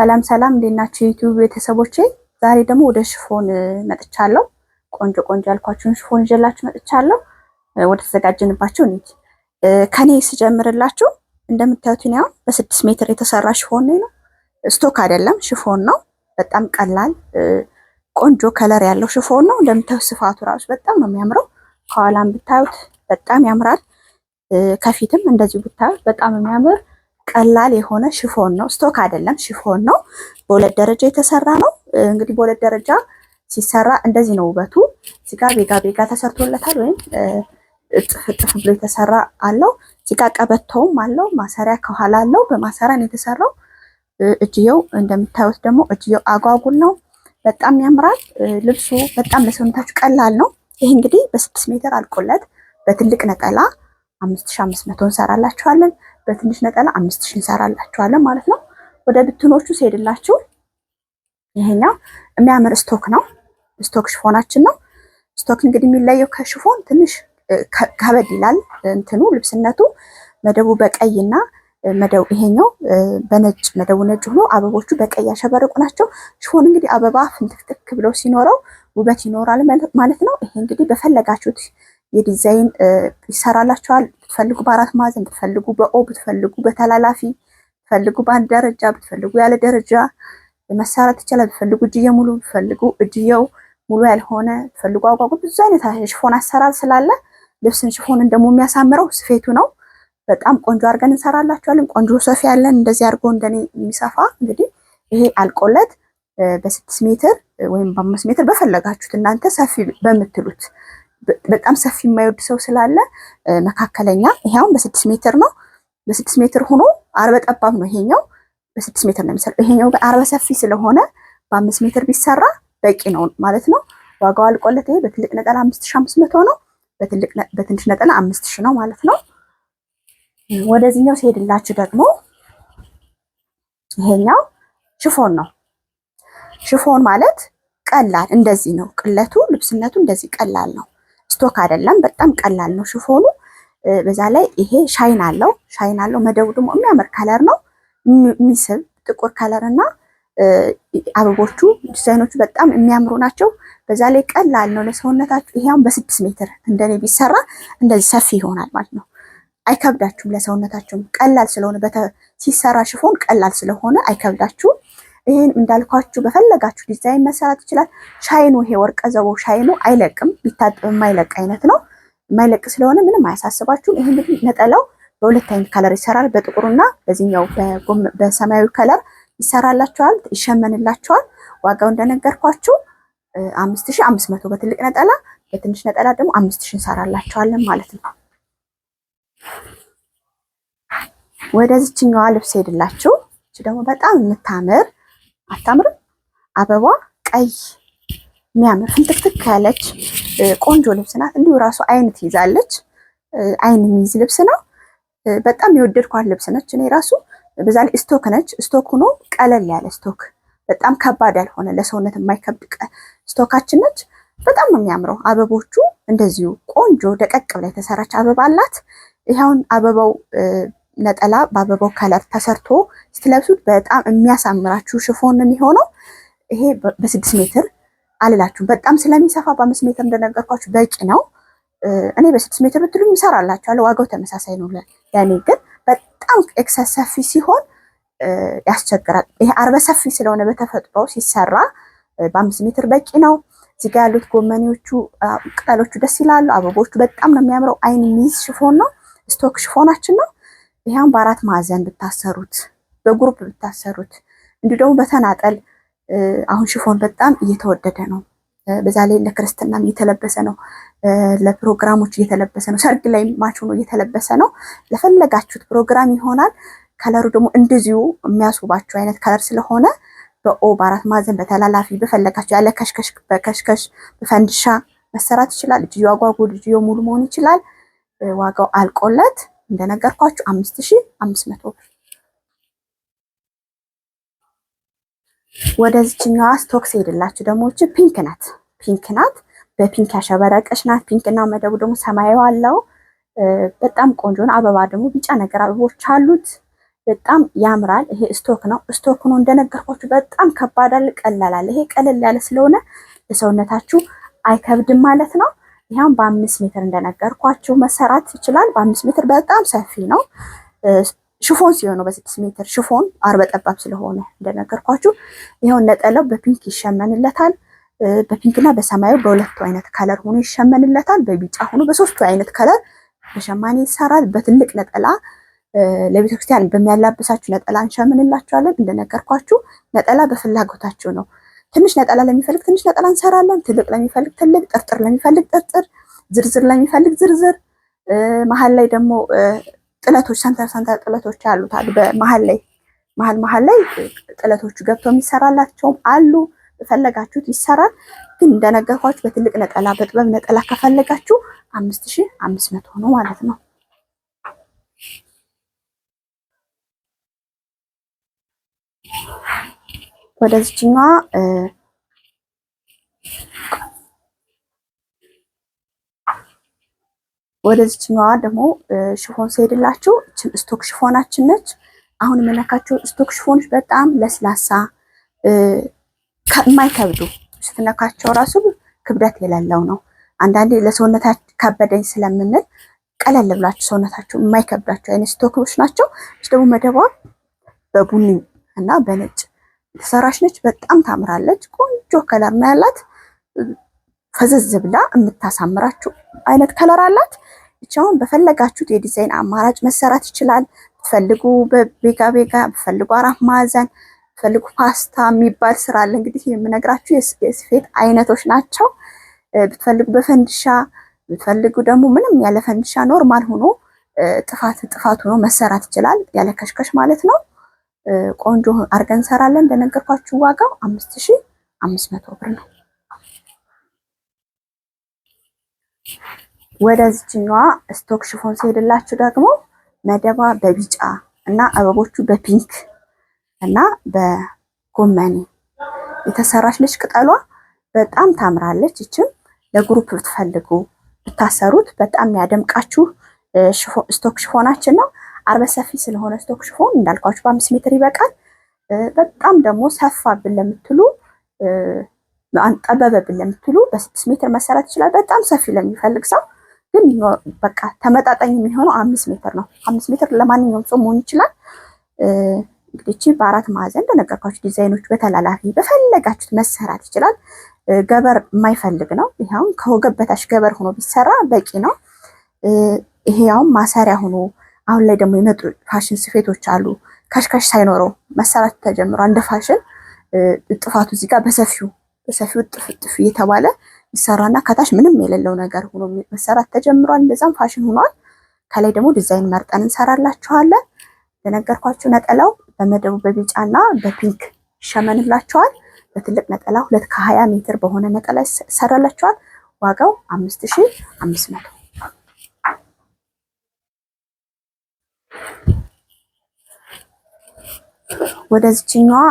ሰላም ሰላም፣ እንዴት ናችሁ ዩቲዩብ ቤተሰቦቼ? ዛሬ ደግሞ ወደ ሽፎን መጥቻለሁ። ቆንጆ ቆንጆ ያልኳችሁን ሽፎን ይዤላችሁ መጥቻለሁ። ወደ ተዘጋጀንባቸው እንሂድ። ከኔ ስጀምርላችሁ እንደምታዩት ነው በስድስት ሜትር የተሰራ ሽፎን ነው። ስቶክ አይደለም ሽፎን ነው። በጣም ቀላል ቆንጆ ከለር ያለው ሽፎን ነው። እንደምታዩት ስፋቱ ራሱ በጣም ነው የሚያምረው። ከኋላም ብታዩት በጣም ያምራል። ከፊትም እንደዚሁ ብታዩት በጣም የሚያምር ቀላል የሆነ ሽፎን ነው። ስቶክ አይደለም፣ ሽፎን ነው። በሁለት ደረጃ የተሰራ ነው። እንግዲህ በሁለት ደረጃ ሲሰራ እንደዚህ ነው ውበቱ። እዚጋ ቤጋ ቤጋ ተሰርቶለታል፣ ወይም እጥፍ እጥፍ ብሎ የተሰራ አለው። እዚጋ ቀበቶውም አለው፣ ማሰሪያ ከኋላ አለው። በማሰሪያ ነው የተሰራው። እጅየው እንደምታዩት ደግሞ እጅየው አጓጉል ነው። በጣም ያምራል ልብሱ። በጣም ለሰውነታች ቀላል ነው። ይህ እንግዲህ በስድስት ሜትር አልቆለት በትልቅ ነጠላ አምስት ሺህ አምስት መቶ እንሰራላችኋለን። በትንሽ ነጠላ አምስት ሺህ እንሰራላችኋለን ማለት ነው። ወደ ብትኖቹ ሲሄድላችሁ ይሄኛው የሚያምር ስቶክ ነው። ስቶክ ሽፎናችን ነው። ስቶክ እንግዲህ የሚለየው ከሽፎን ትንሽ ከበድ ይላል እንትኑ ልብስነቱ መደቡ በቀይና መደቡ ይሄኛው በነጭ መደቡ ነጭ ሆኖ አበቦቹ በቀይ ያሸበረቁ ናቸው። ሽፎን እንግዲህ አበባ ፍንትክትክ ብለው ሲኖረው ውበት ይኖራል ማለት ነው። ይሄ እንግዲህ በፈለጋችሁት የዲዛይን ይሰራላችኋል። ብትፈልጉ በአራት ማዕዘን ብትፈልጉ በኦ ብትፈልጉ በተላላፊ ብትፈልጉ በአንድ ደረጃ ብትፈልጉ ያለ ደረጃ መሰራት ይቻላል። ብትፈልጉ እጅየ ሙሉ ብትፈልጉ እጅየው ሙሉ ያልሆነ ብትፈልጉ አቋቁ ብዙ አይነት የሽፎን አሰራር ስላለ ልብስን ሽፎንን ደግሞ የሚያሳምረው ስፌቱ ነው። በጣም ቆንጆ አድርገን እንሰራላችኋለን። ቆንጆ ሰፊ ያለን እንደዚህ አድርጎ እንደኔ የሚሰፋ እንግዲህ ይሄ አልቆለት በስድስት ሜትር ወይም በአምስት ሜትር በፈለጋችሁት እናንተ ሰፊ በምትሉት በጣም ሰፊ የማይወድ ሰው ስላለ መካከለኛ ይሄውን በስድስት ሜትር ነው። በስድስት ሜትር ሆኖ አርበ ጠባብ ነው። ይሄኛው በስድስት ሜትር ነው የሚሰራው። ይሄኛው ግን አርበ ሰፊ ስለሆነ በአምስት ሜትር ቢሰራ በቂ ነው ማለት ነው። ዋጋው አልቆለት ይሄ በትልቅ ነጠላ አምስት ሺ አምስት መቶ ነው። በትንሽ ነጠላ አምስት ሺ ነው ማለት ነው። ወደዚህኛው ሲሄድላችሁ ደግሞ ይሄኛው ሽፎን ነው። ሽፎን ማለት ቀላል እንደዚህ ነው። ቅለቱ ልብስነቱ እንደዚህ ቀላል ነው። ስቶክ አይደለም፣ በጣም ቀላል ነው ሽፎኑ። በዛ ላይ ይሄ ሻይን አለው ሻይን አለው። መደቡ ደግሞ የሚያምር ከለር ነው የሚስብ ጥቁር ከለር እና አበቦቹ ዲዛይኖቹ በጣም የሚያምሩ ናቸው። በዛ ላይ ቀላል ነው ለሰውነታችሁ። ይሄውን በስድስት ሜትር እንደኔ ቢሰራ እንደዚህ ሰፊ ይሆናል ማለት ነው። አይከብዳችሁም ለሰውነታችሁም ቀላል ስለሆነ ሲሰራ ሽፎን ቀላል ስለሆነ አይከብዳችሁም። ይህን እንዳልኳችሁ በፈለጋችሁ ዲዛይን መሰራት ይችላል። ሻይኑ ይሄ ወርቀ ዘቦ ሻይኑ አይለቅም፣ ቢታጠብ የማይለቅ አይነት ነው። የማይለቅ ስለሆነ ምንም አያሳስባችሁም። ይህ እንግዲህ ነጠላው በሁለት አይነት ከለር ይሰራል። በጥቁርና በዚህኛው በሰማያዊ ከለር ይሰራላችኋል፣ ይሸመንላችኋል። ዋጋው እንደነገርኳችሁ አምስት ሺህ አምስት መቶ በትልቅ ነጠላ፣ በትንሽ ነጠላ ደግሞ አምስት ሺህ እንሰራላችኋለን ማለት ነው። ወደ ልብስ ሄድላችሁ። እች ደግሞ በጣም የምታምር አታምርም? አበባ ቀይ የሚያምር ፍንትክትክ ያለች ቆንጆ ልብስ ናት። እንዲሁ ራሱ አይን ትይዛለች። አይን የሚይዝ ልብስ ነው። በጣም የወደድኳት ልብስ ነች። እኔ ራሱ በዛ ላይ ስቶክ ነች። ስቶክ ሆኖ ቀለል ያለ ስቶክ፣ በጣም ከባድ ያልሆነ ለሰውነት የማይከብድ ስቶካችን ነች። በጣም ነው የሚያምረው። አበቦቹ እንደዚሁ ቆንጆ ደቀቅ ብላ የተሰራች አበባ አላት። ይኸውን አበባው ነጠላ በአበባው ከለር ተሰርቶ ስትለብሱት በጣም የሚያሳምራችሁ ሽፎን ነው የሚሆነው። ይሄ በስድስት ሜትር አልላችሁ በጣም ስለሚሰፋ በአምስት ሜትር እንደነገርኳችሁ በቂ ነው። እኔ በስድስት ሜትር ብትሉኝ ይሰራላችኋል። ዋጋው ተመሳሳይ ነው። ለእኔ ግን በጣም ኤክሰስ ሰፊ ሲሆን ያስቸግራል። ይሄ አርበ ሰፊ ስለሆነ በተፈጥሮ ሲሰራ በአምስት ሜትር በቂ ነው። እዚህ ጋ ያሉት ጎመኔዎቹ ቅጠሎቹ ደስ ይላሉ። አበቦቹ በጣም ነው የሚያምረው። አይን የሚይዝ ሽፎን ነው። ስቶክ ሽፎናችን ነው። ይሄን በአራት ማዕዘን ብታሰሩት፣ በግሩፕ ብታሰሩት፣ እንዲሁ ደግሞ በተናጠል አሁን ሽፎን በጣም እየተወደደ ነው። በዛ ላይ ለክርስትናም እየተለበሰ ነው። ለፕሮግራሞች እየተለበሰ ነው። ሰርግ ላይ ማች ሆኖ እየተለበሰ ነው። ለፈለጋችሁት ፕሮግራም ይሆናል። ከለሩ ደግሞ እንደዚሁ የሚያስውባችሁ አይነት ከለር ስለሆነ በኦ በአራት ማዕዘን በተላላፊ በፈለጋችሁ ያለ ከሽከሽ በከሽከሽ በፈንድሻ መሰራት ይችላል። እጅዮ አጓጉል፣ እጅዮ ሙሉ መሆን ይችላል። ዋጋው አልቆለት እንደነገርኳችሁ አምስት ሺህ አምስት መቶ ብር። ወደዚችኛዋ ስቶክ ሲሄድላችሁ ደግሞ እቺ ፒንክ ናት። ፒንክ ናት፣ በፒንክ ያሸበረቀች ናት። ፒንክ እና መደቡ ደግሞ ሰማያዊ አለው። በጣም ቆንጆ ነው። አበባ ደግሞ ቢጫ ነገር አበቦች አሉት። በጣም ያምራል። ይሄ ስቶክ ነው። ስቶክ ነው እንደነገርኳችሁ በጣም ከባድ አለ፣ ቀላል አለ። ይሄ ቀለል ያለ ስለሆነ ለሰውነታችሁ አይከብድም ማለት ነው። ይሄም በአምስት ሜትር እንደነገርኳችሁ መሰራት ይችላል። በአምስት ሜትር በጣም ሰፊ ነው። ሽፎን ሲሆነው በስድስት ሜትር ሽፎን አርበ ጠባብ ስለሆነ እንደነገርኳችሁ ይኸውን ነጠላው በፒንክ ይሸመንለታል። በፒንክና በሰማያዊ በሁለቱ አይነት ከለር ሆኖ ይሸመንለታል። በቢጫ ሆኖ በሶስቱ አይነት ከለር በሸማኔ ይሰራል። በትልቅ ነጠላ ለቤተክርስቲያን በሚያላብሳችሁ ነጠላ እንሸምንላችኋለን። እንደነገርኳችሁ ነጠላ በፍላጎታችሁ ነው። ትንሽ ነጠላ ለሚፈልግ ትንሽ ነጠላ እንሰራለን። ትልቅ ለሚፈልግ ትልቅ፣ ጥርጥር ለሚፈልግ ጥርጥር፣ ዝርዝር ለሚፈልግ ዝርዝር። መሀል ላይ ደግሞ ጥለቶች ሰንተር ሰንተር ጥለቶች አሉት አሉ በመሀል ላይ መሀል መሀል ላይ ጥለቶቹ ገብተው የሚሰራላቸውም አሉ። በፈለጋችሁት ይሰራል። ግን እንደነገርኳችሁ በትልቅ ነጠላ በጥበብ ነጠላ ከፈለጋችሁ አምስት ሺህ አምስት መቶ ነው ማለት ነው። ወደዚችኛ ወደዚችኛዋ ደግሞ ሽፎን ስሄድላችሁ እችን ስቶክ ሽፎናችን ነች። አሁን የምነካቸው ስቶክ ሽፎኖች በጣም ለስላሳ የማይከብዱ ስትነካቸው ራሱ ክብደት የሌለው ነው። አንዳንዴ ለሰውነታችሁ ከበደኝ ስለምንል ቀለል ብላችሁ ሰውነታችሁ የማይከብዳቸው አይነት ስቶኮች ናቸው። እች ደግሞ መደቧ በቡኒ እና በነጭ ሰራሽ ነች። በጣም ታምራለች። ቆንጆ ከለር ነው ያላት። ፈዘዝ ብላ የምታሳምራችሁ አይነት ከለር አላት። ብቻውን በፈለጋችሁት የዲዛይን አማራጭ መሰራት ይችላል። ብትፈልጉ በቤጋ ቤጋ፣ ብትፈልጉ አራት ማዕዘን፣ ፈልጉ ፓስታ የሚባል ስራ አለ። እንግዲህ የምነግራችሁ የስፌት አይነቶች ናቸው። ብትፈልጉ በፈንድሻ፣ ብትፈልጉ ደግሞ ምንም ያለ ፈንድሻ ኖርማል ሆኖ ጥፋት ጥፋት ሆኖ መሰራት ይችላል። ያለ ከሽከሽ ማለት ነው። ቆንጆ አርገን እንሰራለን። እንደነገርኳችሁ ዋጋው አምስት ሺ አምስት መቶ ብር ነው። ወደዚችኛዋ ስቶክ ሽፎን ሲሄድላችሁ ደግሞ መደባ በቢጫ እና አበቦቹ በፒንክ እና በጎመኔ የተሰራች ልጅ ቅጠሏ በጣም ታምራለች። ይችም ለግሩፕ ብትፈልጉ ብታሰሩት በጣም ያደምቃችሁ ስቶክ ሽፎናችን ነው። አርበ ሰፊ ስለሆነ ስቶክ ሽፎን እንዳልኳችሁ በአምስት ሜትር ይበቃል። በጣም ደግሞ ብን ለምትሉ ብን ለምትሉ በስድስት ሜትር መሰራት ይችላል። በጣም ሰፊ ለሚፈልግ ሰው ግን በቃ ተመጣጣኝ የሚሆነው አምስት ሜትር ነው። አምስት ሜትር ለማንኛውም ሰው መሆን ይችላል። እንግዲህ በአራት ማዕዘን እንደነገርኳችሁ ዲዛይኖች በተላላፊ በፈለጋችሁት መሰራት ይችላል። ገበር የማይፈልግ ነው። ይሄውን ከወገብ በታች ገበር ሆኖ ቢሰራ በቂ ነው። ይሄ ያውም ማሰሪያ ሆኖ አሁን ላይ ደግሞ የመጡ ፋሽን ስፌቶች አሉ። ከሽከሽ ሳይኖረው መሰራት ተጀምሯል። እንደ ፋሽን ጥፋቱ እዚህ ጋር በሰፊው በሰፊው ጥፍ ጥፍ እየተባለ ይሰራና ከታች ምንም የሌለው ነገር ሆኖ መሰራት ተጀምሯል። እንደዛም ፋሽን ሆኗል። ከላይ ደግሞ ዲዛይን መርጠን እንሰራላችኋለን። እንደነገርኳችሁ ነጠላው በመደቡ በቢጫና በፒንክ ይሸመንላችኋል። በትልቅ ነጠላ ሁለት ከሀያ ሜትር በሆነ ነጠላ ይሰራላችኋል። ዋጋው አምስት ሺህ አምስት መቶ ወደዚችኛዋ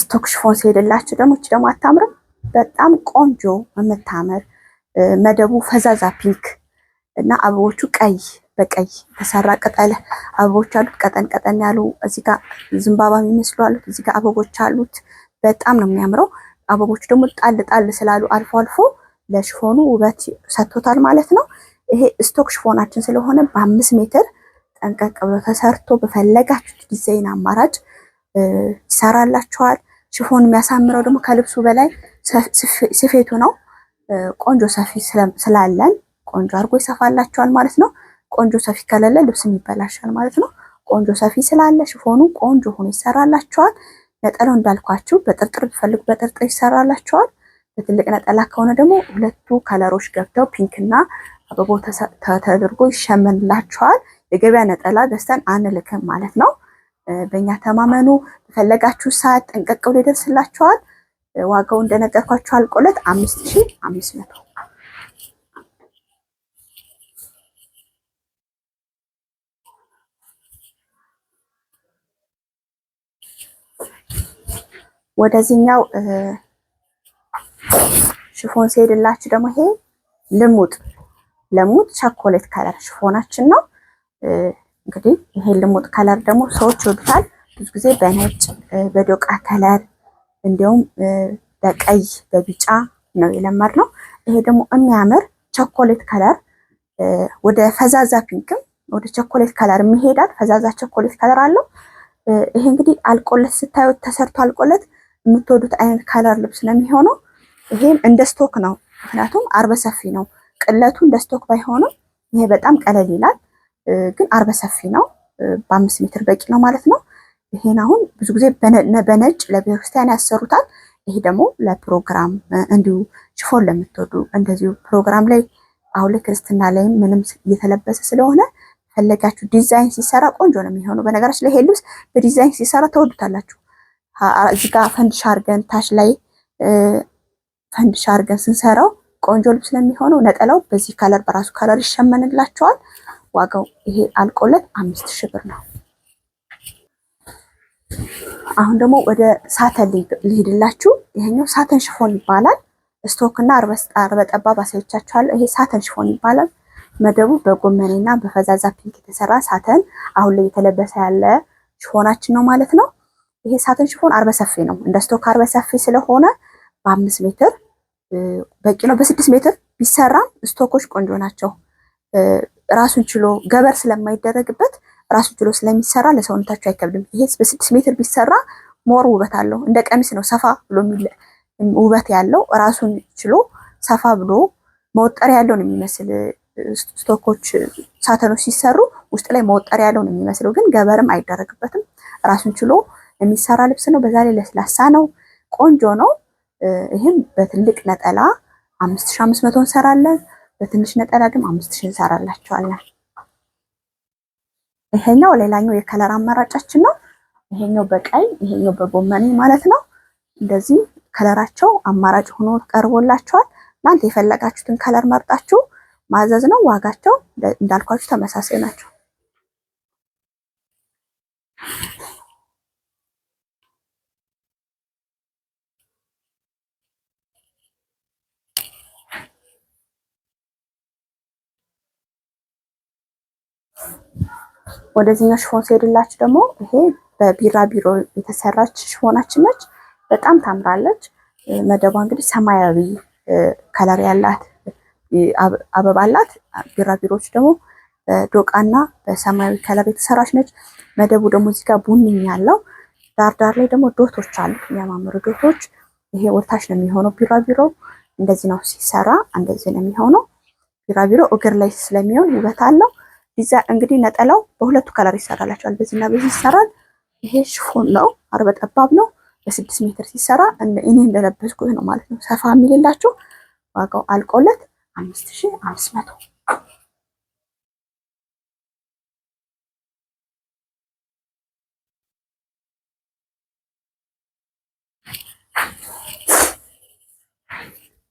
ስቶክ ሽፎን ሲሄድላችሁ ደግሞ እቺ ደግሞ አታምርም? በጣም ቆንጆ የምታምር መደቡ ፈዛዛ ፒንክ እና አበቦቹ ቀይ በቀይ ተሰራ ቅጠል አበቦች አሉት። ቀጠን ቀጠን ያሉ እዚህ ጋር ዘንባባ የሚመስሉ አሉት። እዚህ አበቦች አሉት። በጣም ነው የሚያምረው። አበቦቹ ደግሞ ጣል ጣል ስላሉ አልፎ አልፎ ለሽፎኑ ውበት ሰጥቶታል ማለት ነው። ይሄ ስቶክ ሽፎናችን ስለሆነ በአምስት ሜትር ጠንቀቅ ብሎ ተሰርቶ በፈለጋችሁት ዲዛይን አማራጭ ይሰራላችኋል። ሽፎን የሚያሳምረው ደግሞ ከልብሱ በላይ ስፌቱ ነው። ቆንጆ ሰፊ ስላለን ቆንጆ አድርጎ ይሰፋላችኋል ማለት ነው። ቆንጆ ሰፊ ከሌለ ልብስም ይበላሻል ማለት ነው። ቆንጆ ሰፊ ስላለ ሽፎኑ ቆንጆ ሆኖ ይሰራላችኋል። ነጠላው እንዳልኳችሁ በጥርጥር ቢፈልጉ በጥርጥር ይሰራላችኋል። በትልቅ ነጠላ ከሆነ ደግሞ ሁለቱ ከለሮች ገብተው ፒንክና አበቦ ተደርጎ ይሸመንላችኋል። የገበያ ነጠላ ገዝተን አንልክም ማለት ነው። በእኛ ተማመኑ። በፈለጋችሁ ሰዓት ጠንቀቅ ብሎ ይደርስላችኋል። ዋጋው እንደነገርኳችሁ አልቆለት አምስት ሺ አምስት መቶ ወደዚህኛው ሽፎን ሲሄድላችሁ ደግሞ ይሄ ልሙጥ ለሙጥ ቸኮሌት ከለር ሽፎናችን ነው። እንግዲህ ይሄ ልሙጥ ከለር ደግሞ ሰዎች ይወዱታል። ብዙ ጊዜ በነጭ በዶቃ ከለር እንዲሁም በቀይ በቢጫ ነው የለመድ ነው። ይሄ ደግሞ የሚያምር ቸኮሌት ከለር ወደ ፈዛዛ ፒንክም ወደ ቸኮሌት ከለር የሚሄዳል። ፈዛዛ ቸኮሌት ከለር አለው። ይሄ እንግዲህ አልቆለት ስታዩት ተሰርቶ አልቆለት የምትወዱት አይነት ከለር ልብስ ነው የሚሆነው። ይሄም እንደ ስቶክ ነው፣ ምክንያቱም አርበ ሰፊ ነው። ቅለቱ እንደ ስቶክ ባይሆንም ይሄ በጣም ቀለል ይላል። ግን አርበ ሰፊ ነው። በአምስት ሜትር በቂ ነው ማለት ነው። ይሄን አሁን ብዙ ጊዜ በነጭ ለቤተክርስቲያን ያሰሩታል። ይሄ ደግሞ ለፕሮግራም እንዲሁ ሽፎን ለምትወዱ እንደዚሁ ፕሮግራም ላይ አሁን ላይ ክርስትና ላይም ምንም እየተለበሰ ስለሆነ ፈለጋችሁ ዲዛይን ሲሰራ ቆንጆ ነው የሚሆነው። በነገራችን ላይ ይሄ ልብስ በዲዛይን ሲሰራ ተወዱታላችሁ። እዚህ ጋር ፈንድሻ አርገን ታች ላይ ፈንድሻ አርገን ስንሰራው ቆንጆ ልብስ ነው የሚሆነው። ነጠላው በዚህ ከለር በራሱ ከለር ይሸመንላቸዋል። ዋጋው ይሄ አልቆለት አምስት ሺህ ብር ነው። አሁን ደግሞ ወደ ሳተን ሊሄድላችሁ ይሄኛው ሳተን ሽፎን ይባላል። ስቶክ እና አርበ ጠባብ አሳይቻችኋለሁ። ይሄ ሳተን ሽፎን ይባላል። መደቡ በጎመኔ እና በፈዛዛ ፒንክ የተሰራ ሳተን አሁን ላይ የተለበሰ ያለ ሽፎናችን ነው ማለት ነው። ይሄ ሳተን ሽፎን አርበ ሰፊ ነው። እንደ ስቶክ አርበሰፊ ሰፊ ስለሆነ በአምስት ሜትር በቂ ነው። በስድስት ሜትር ቢሰራም ስቶኮች ቆንጆ ናቸው። ራሱን ችሎ ገበር ስለማይደረግበት ራሱን ችሎ ስለሚሰራ ለሰውነታቸው አይከብድም። ይሄ በስድስት ሜትር ቢሰራ ሞር ውበት አለው። እንደ ቀሚስ ነው ሰፋ ብሎ ውበት ያለው ራሱን ችሎ ሰፋ ብሎ መወጠሪያ ያለውን የሚመስል ስቶኮች ሳተኖች ሲሰሩ ውስጥ ላይ መወጠሪያ ያለውን የሚመስለው ግን ገበርም አይደረግበትም። ራሱን ችሎ የሚሰራ ልብስ ነው። በዛ ላይ ለስላሳ ነው፣ ቆንጆ ነው። ይህም በትልቅ ነጠላ አምስት ሺ አምስት መቶ እንሰራለን። በትንሽ ነጠላ ግን አምስት ሺህ እንሰራላችኋለን። ይሄኛው ሌላኛው የከለር አማራጫችን ነው። ይሄኛው በቀይ ይሄኛው በጎመኔ ማለት ነው። እንደዚህ ከለራቸው አማራጭ ሆኖ ቀርቦላችኋል። እናንተ የፈለጋችሁትን ከለር መርጣችሁ ማዘዝ ነው። ዋጋቸው እንዳልኳችሁ ተመሳሳይ ናቸው። ወደዚህኛው ሽፎን ሲሄድላችሁ ደግሞ ይሄ በቢራ ቢሮ የተሰራች ሽፎናችን ነች። በጣም ታምራለች። መደቧ እንግዲህ ሰማያዊ ከለር ያላት አበባ አላት። ቢራ ቢሮዎች ደግሞ በዶቃና በሰማያዊ ከለር የተሰራች ነች። መደቡ ደግሞ እዚህ ጋር ቡኒ ያለው ዳርዳር ላይ ደግሞ ዶቶች አሉ፣ የሚያማምሩ ዶቶች። ይሄ ወታች ነው የሚሆነው። ቢራ ቢሮ እንደዚህ ነው ሲሰራ፣ እንደዚህ ነው የሚሆነው። ቢራ ቢሮ እግር ላይ ስለሚሆን ውበት አለው። ዲዛ እንግዲህ ነጠላው በሁለቱ ከለር ይሰራላቸዋል። በዚህና በዚህ ይሰራል። ይሄ ሽፎን ነው፣ አርበ ጠባብ ነው። በስድስት ሜትር ሲሰራ እኔ እንደለበስኩት ነው ማለት ነው። ሰፋ የሚልላችሁ ዋጋው አልቆለት አምስት ሺ አምስት መቶ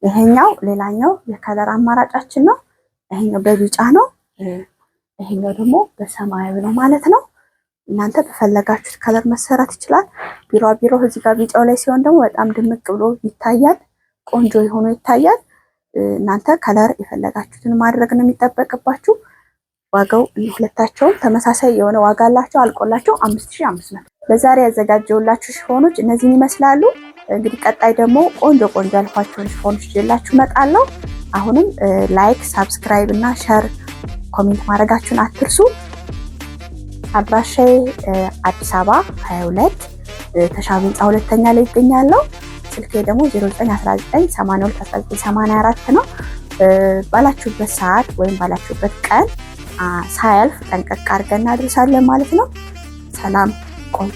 ይሄኛው ሌላኛው የከለር አማራጫችን ነው። ይሄኛው በቢጫ ነው። ይሄኛው ደግሞ በሰማያዊ ነው ማለት ነው። እናንተ በፈለጋችሁት ከለር መሰራት ይችላል። ቢሮ ቢሮ እዚህ ጋር ቢጫው ላይ ሲሆን ደግሞ በጣም ድምቅ ብሎ ይታያል። ቆንጆ የሆኑ ይታያል። እናንተ ከለር የፈለጋችሁትን ማድረግ ነው የሚጠበቅባችሁ። ዋጋው ሁለታቸውም ተመሳሳይ የሆነ ዋጋ አላቸው። አልቆላቸው አምስት ሺ አምስት መቶ ለዛሬ ያዘጋጀውላችሁ ሽፎኖች እነዚህን ይመስላሉ። እንግዲህ ቀጣይ ደግሞ ቆንጆ ቆንጆ ያልኳቸውን ሽፎኖች ይዤላችሁ እመጣለሁ። አሁንም ላይክ፣ ሳብስክራይብ እና ሸር ኮሜንት ማድረጋችሁን አትርሱ። አድራሻዬ አዲስ አበባ 22 ተሻቢ ህንፃ ሁለተኛ ላይ ይገኛለሁ። ስልኬ ደግሞ 0919821984 ነው። ባላችሁበት ሰዓት ወይም ባላችሁበት ቀን ሳያልፍ ጠንቀቅ አድርገን እናድርሳለን ማለት ነው። ሰላም ቆዩ።